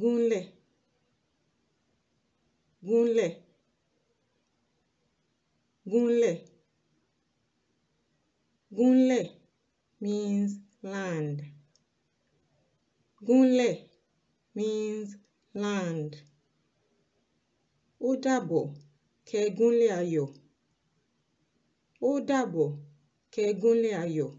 gúnlẹ̀ gúnlẹ̀ gúnlẹ̀ gúnlẹ̀ means land gúnlẹ̀ means land ó dàbọ̀ kẹ́ ẹ gúnlẹ̀ ayọ̀ ó dàbọ̀ kẹ́ ẹ gúnlẹ̀ ayọ̀.